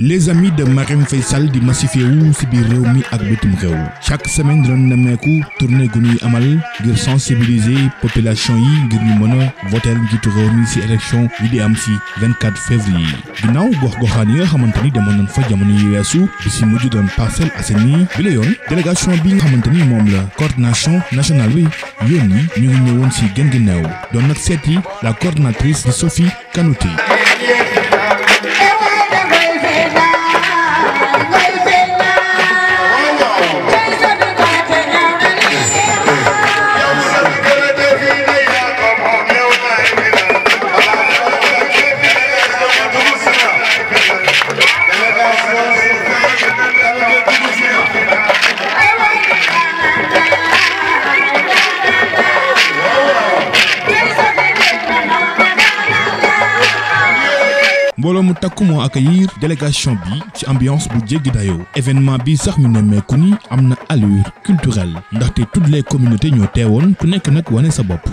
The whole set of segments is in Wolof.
les amis de Marème Faye Sall di massifié wu si biir réew mi ak bitim réew chaque semaine dinañ nemmeeku tournée gu ñuy amal ngir sensibiliser population yi ngir ñu mën a voter njiitu réew mi si élection yi di am si 24 février ginnaaw gox-goxaan yi nga xamante ni demoon nañ fa jamono yi weesu bi si mujj doon Parcelles Assainies bi la yoon délégation bi nga xamante ni moom la coordination nationale bi yoon yi ñu ngi ñëwoon si gën ginnaaw doon nag seeti la coordinatrice Sophie Kanouté mbooloo mu takku moo accueillir délégation bi ci ambiance bu jéggi dayoo événement bi sax ñu nemmeeku ni am na allure culturelle ndaxte toutes les communautés ñoo teewoon ku nekk nag wane sa bopp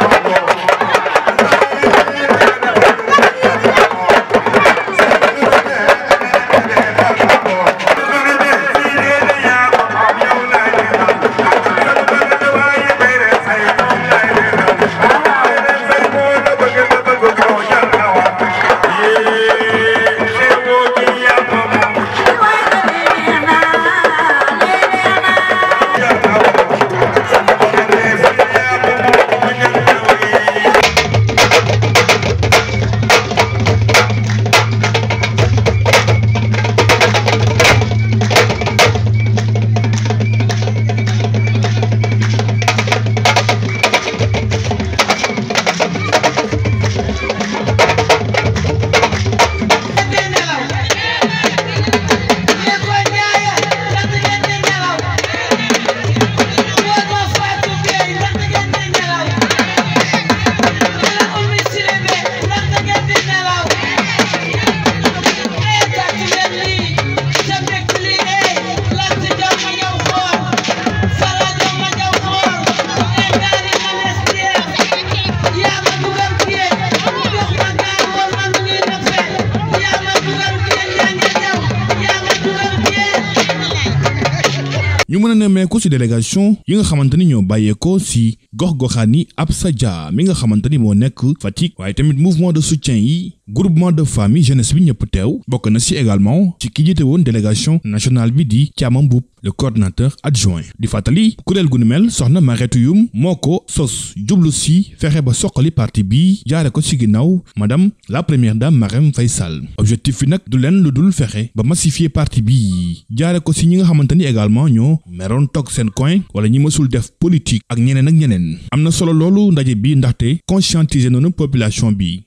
ñu mën a nemmeeku ci délégation yi nga xamante ni bàyyee ko ci gox goxaan yi sa Dia mi nga xamante ni moo nekk Fatick waaye tamit mouvement de soutien yi groupement de famille jeunesse bi ñëpp teew bokk na ci également ci ki jiite woon délégation nationale bi di caamam Mboup le coordonnateur adjoint di fàttali kuréel gu nu mel soxna Maretu Yum moo ko sos jublu si fexe ba soqali parti bii jaare ko ci ginnaaw madame la première dame Marème fay Sall objectif bi nag du leen lu dul fexe ba massifier parti bii jaare ko ci ñi nga xamante ni également ñoo meroon toog seen coin wala ñi mësul def politique ak ñeneen ak ñeneen am na solo loolu ndaje bi ndaxte conscientiser noonu population bi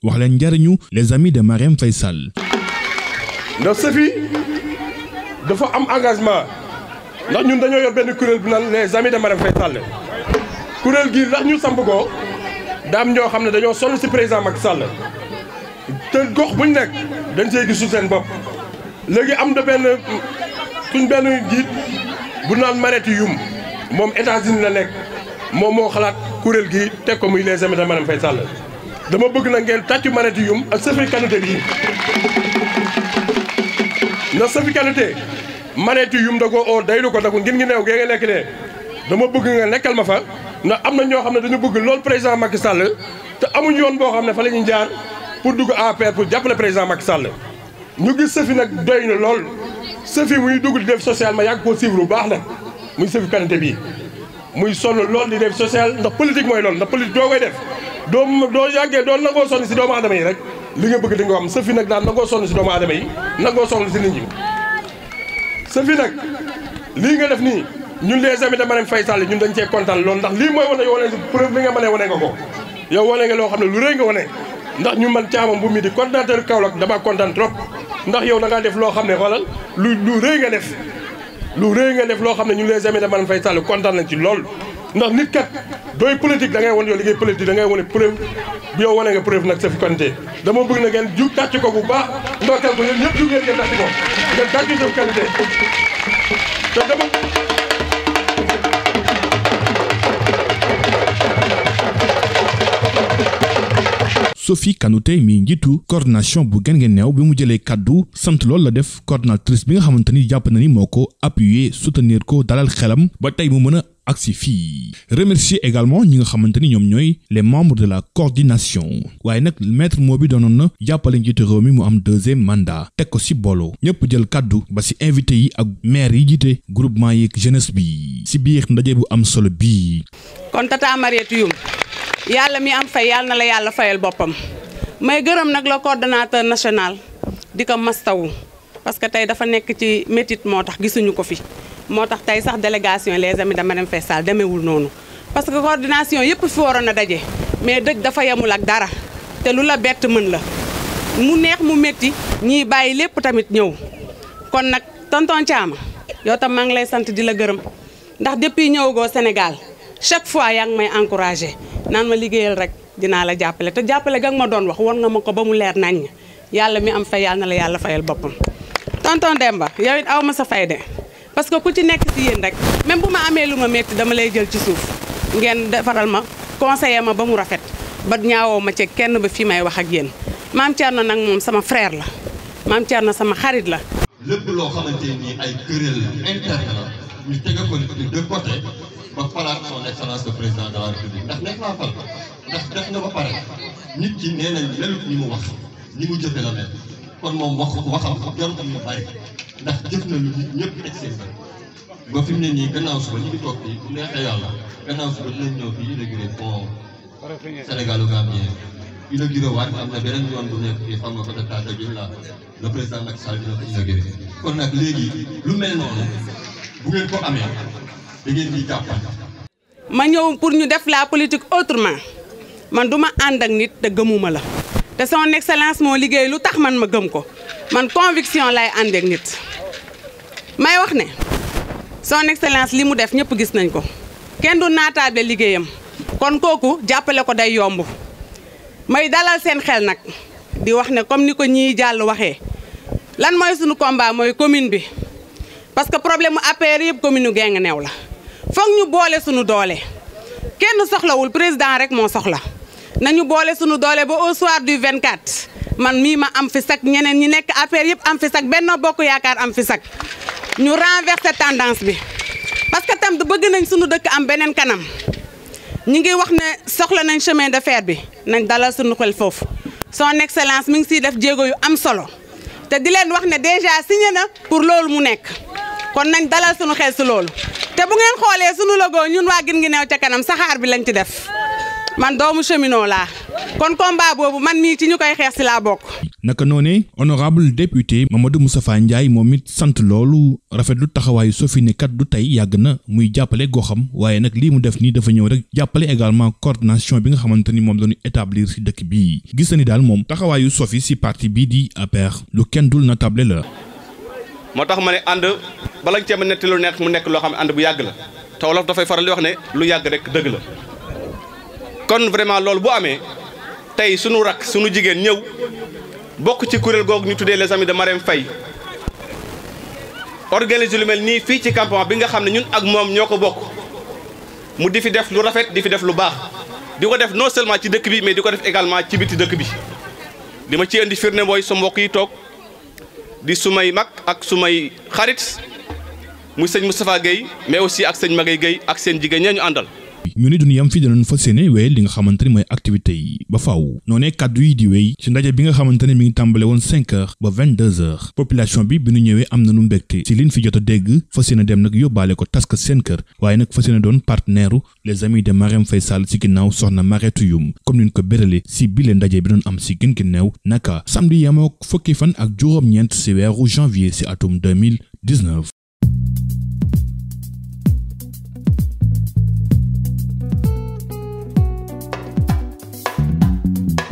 les amis de Marème Faye Sall. ndax Sophie dafa am engagement ndax ñun dañoo yor benn kuréel bu naan les amis de Marème Faye kuréel gii ñu samp ko daam ñoo xam ne dañoo sonn si président Macky sàll te gox buñ nekk dañ see gis su seen bopp léegi am na benn suñ benn jiit bu naan Marietou Youm moom États-Unis la nekk moom moo xalaat kuréel gi teg ko muy les amis de Marème Faye Sall. dama bëgg na ngeen tàccu manette yum ak Sophie Kanouté bii ndax Sophie Kanouté manette yum da ko oo daylu ko da ko ngin ngi neew gee nekk ne dama bëgg nga nekkal ma fa ndax am na ñoo xam ne dañu bëgg lool président Macky Sall te amuñ yoon boo xam ne fa la ñuy jaar pour dugg APR pour jàppale président Macky Sall ñu gis sëfi nag doy na lool sëfi muy dugg di def social ma yàgg ko suivre bu baax nag muy Sophie Kanouté bii muy sonn lool di def social ndax politique mooy lool ndax politique doo koy doo doo yàggee doo nangoo sonn si doomu aadama yi rek li nga bëgg di nga am sa fi nag daal nangoo sonn si doomu aadama yi nangoo sonn si nit ñi sa fi nag lii nga def nii ñun les amis de Marème Faye Sall ñun dañ cee kontaan loolu ndax lii mooy wane yow wane si preuve bi nga mënee wane nga ko yow wane nga loo xam ne lu rëy nga wane ndax ñu man caamam bu mi di coordinateur Kaolack dama kontaan trop ndax yow da ngaa def loo xam ne xoolal lu lu rëy nga def lu rëy nga loo xam ne ñun les amis de Marème Faye kontaan nañ ci lool ndax nit kat doy politique da ngay won yow da ngay wane preuve bi yow wane nag sa fidélité dama bëgg na ngeen ju tàcc ko bu Sophie Kanouté mi njiitu coordination bu gën ngeen neew bi mu jëlee kàddu sant loolu la def coordinatrice bi nga xamante ni jàpp na ni moo ko appuyer soutenir ko dalal xelam ba tey mu mën a ak si fii remercier également ñi nga xamante ni ñoom ñooy le membres de la coordination waaye nag maître moo bi doonoon na jàppale njiitu réew mi mu am deuxième mandat teg ko si boolo ñëpp jël kàddu ba si invité yi ak maire yi jiite groupement yeeg jeunesse bi si biir ndaje bu am solo bii. kon tata Mariétou yàlla mi am fay yàlla na la yàlla fayal boppam may gërëm nag la coordonnateur national di ko mastawu parce que tey dafa nekk ci métit moo tax gisuñu ko fi. moo tax tey sax délégation les amis de Marième Faye Sall demewul noonu parce que coordination yëpp fi waroon a daje mais dëj dafa yemul ak dara te lu la bett mën la mu neex mu métti ñiy bàyyi lépp tamit ñëw kon nag tonton Thiam yow tam maa ngi lay sant di la gërëm ndax depuis ñëwagoo Sénégal chaque fois yaa ngi may encouragé naan ma liggéeyal rek dinaa la jàppale te jàppale ga ma doon wax war nga ma ko ba mu leer nañ yàlla mi am fay yàlla na la yàlla fayal boppam tonton parce que ku ci nekk si yéen rek même bu ma amee lu ma métti dama lay jël ci suuf ngeen defaral ma conseiller ma ba mu rafet ba ñaawoo ma ci kenn ba fi may wax ak yéen maam na nag moom sama frère la maam na sama xarit la. lépp ndax nekk naa fal ndax def na ba pare nit ki nee nañ melut mu wax ni mu jëfe la mel kon moom wax waxam jarul am na bàyyi. ndax jëf nañu li ñëpp excès fi mu ne nii gannaaw suba ñu ngi toog fii bu neexee am na beneen yoon bu nekk fii xam nga ko ta léegi lu mel noonu ma ñëw pour ñu def laa politique autrement man du ma ànd ak nit te gëmuma la te son excellence moo liggéey lu tax man ma gëm ko man conviction lay ànd ak nit may wax ne son excellence li mu def ñëpp gis nañ ko kenn du naataable liggéeyam kon kooku jàppale ko day yomb may dalal seen xel nag di wax ne comme ni ko ñii jàll waxee lan mooy suñu combat mooy commune bi parce que problème mu APR yëpp commune u Guinguinéo neew la foog ñu boole sunu doole kenn soxlawul président rek moo soxla nañu boole sunu doole ba au du du 24 man mii ma am fi sax ñeneen ñi nekk APR yëpp am fi sax Benno Bokk Yaakaar am fi sax ñu renverser tendance bi parce que tam bëgg nañ suñu dëkk am beneen kanam ñu ngi wax ne soxla nañ chemin de fer bi nañ dalal suñu xel foofu soo excellence mi ngi siy def jéego yu am solo te di leen wax ne déjà signé na pour loolu mu nekk kon nañ dalal suñu xel si loolu te bu ngeen xoolee suñu logo ñun waa gin ngi neew ca kanam saxaar bi lañ ci def man doomu cheminot laa kon combat boobu man mii ci ñu koy xeex si laa bokk naka noonee honorable député Mamadou Moustapha Ndiaye moom it sant loolu rafetlu taxawaayu Sophie ne kat du tey yàgg na muy jàppale xam waaye nag lii mu def nii dafa ñëw rek jàppale également coordination bi nga xamante ni moom la ñu établir si dëkk bii gis na ni daal moom taxawaayu sofi si parti bii di APR lu kenn dul na table la. moo tax ma ne ànd balañ cee ma lu nekk mu nekk loo xam ne ànd bu yàgg la te wolof dafay faral di wax ne lu yàgg rek dëgg la kon vraiment loolu bu amee tey sunu rakk sunu jigéen ñëw. bokk ci kuréel googu ñu tuddee les dama de fay Faye organiser lu mel nii fii ci campement bi nga xam ne ñun ak moom ñoo ko bokk mu di fi def lu rafet di fi def lu baax di ko def non seulement ci dëkk bi mais di ko def également ci biti dëkk bi li ma ci indi firnde mooy sa mbokk yi toog di su may mag ak su may xarit muy sëñ Moustapha Guèye mais aussi ak sëñ Magay Guèye ak seen jigéen ñee ñu àndal ñu ni duñu yam fi danañ fas yéene wéy li nga xamante ni mooy activité yi ba faaw noonee kàddu yi di wéy ci ndaje bi nga xamante ne mi ngi tàmbale woon cinq heures ba vingt deux heures population bi bi nu ñëwee am na nu mbégte ci liñ fi jot a dégg fas yéene dem nag yóbbaale ko task seen kër waaye nag fas yéene doon partenaire les amis de Marème Faye Sall ci ginnaaw soxna Maretu Yum comme niñ ko bérale si bile ndaje bi doon am si gën ginnaaw naka samedi yamook fukki fan ak juróom si weeru janvier si atum 2019